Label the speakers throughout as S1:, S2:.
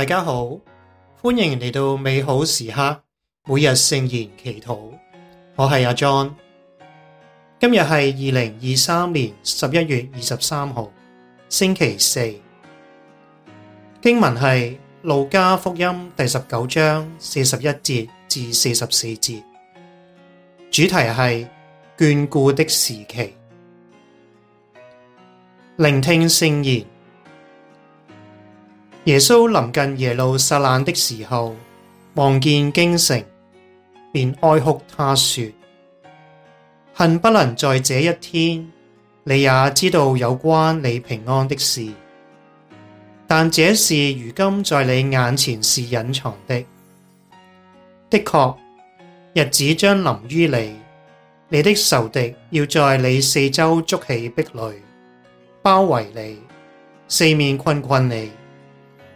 S1: 大家好，歡迎嚟到美好時刻每日聖言祈禱。我係阿 John，今日係二零二三年十一月二十三號星期四。經文係路加福音第十九章四十一節至四十四節，主題係眷顧的時期。聆聽聖言。耶穌臨近耶路撒冷的時候，望見京城，便哀哭，他說：恨不能在這一天，你也知道有關你平安的事。但這事如今在你眼前是隱藏的。的確，日子將臨於你，你的仇敵要在你四周築起壁壘，包圍你，四面窘困你。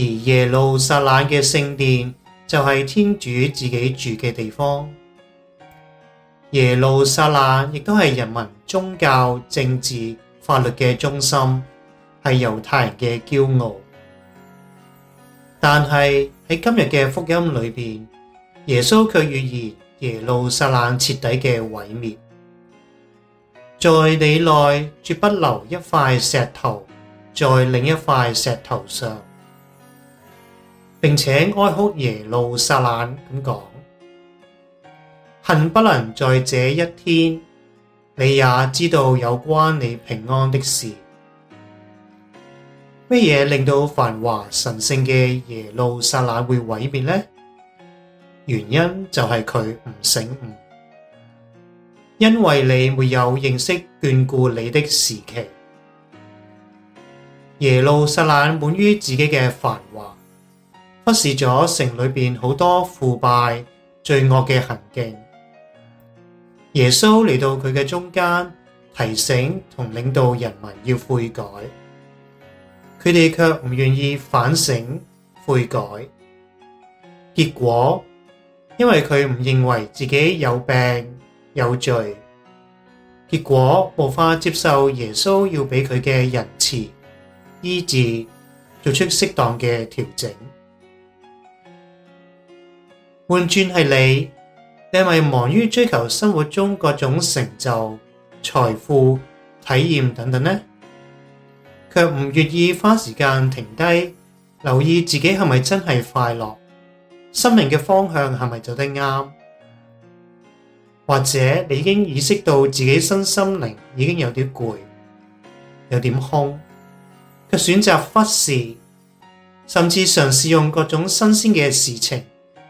S1: 而耶路撒冷嘅聖殿就係天主自己住嘅地方。耶路撒冷亦都係人民宗教、政治、法律嘅中心，係猶太人嘅驕傲。但係,喺今日嘅福音裏面,耶穌卻預言耶路撒冷徹底嘅毀滅。在你內絕不留一塊石頭，在另一塊石頭上,並且哀哭耶路撒冷咁講，恨不能在這一天，你也知道有關你平安的事。乜嘢令到繁華神聖嘅耶路撒冷會毀滅呢？原因就係佢唔醒悟，因為你沒有認識眷顧你的時期。耶路撒冷滿於自己嘅繁華。忽視咗城裏邊好多腐敗罪惡嘅行徑，耶穌嚟到佢嘅中間，提醒同領導人民要悔改，佢哋卻唔願意反省悔改。結果，因為佢唔認為自己有病有罪，結果無法接受耶穌要俾佢嘅仁慈醫治，做出適當嘅調整。換轉係你，你係咪忙於追求生活中各種成就、財富、體驗等等呢？却唔願意花時間停低，留意自己係咪真係快樂，生命嘅方向係咪走得啱？或者你已經意識到自己身心靈已經有啲攰，有點空，却選擇忽視，甚至嘗試用各種新鮮嘅事情。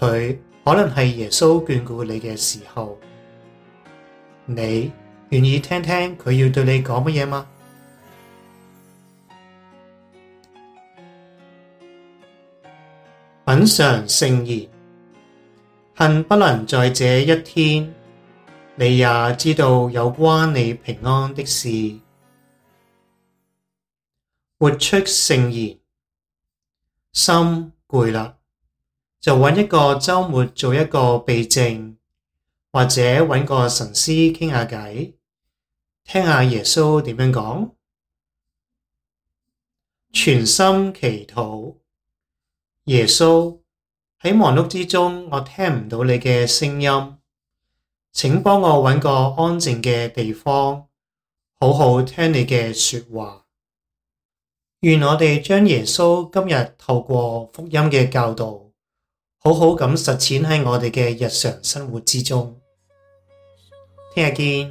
S1: 佢可能係耶穌眷顧你嘅時候，你願意聽聽佢要對你講乜嘢嗎？品嘗聖言，恨不能在這一天，你也知道有關你平安的事。活出聖言，心攰啦。就搵一個周末做一個避靜，或者搵個神師傾下偈，聽下耶穌點樣講。全心祈禱，耶穌，喺忙碌之中，我聽唔到你嘅聲音，請幫我搵個安靜嘅地方，好好聽你嘅說話。願我哋將耶穌今日透過福音嘅教導，好好咁實踐喺我哋嘅日常生活之中，聽日見。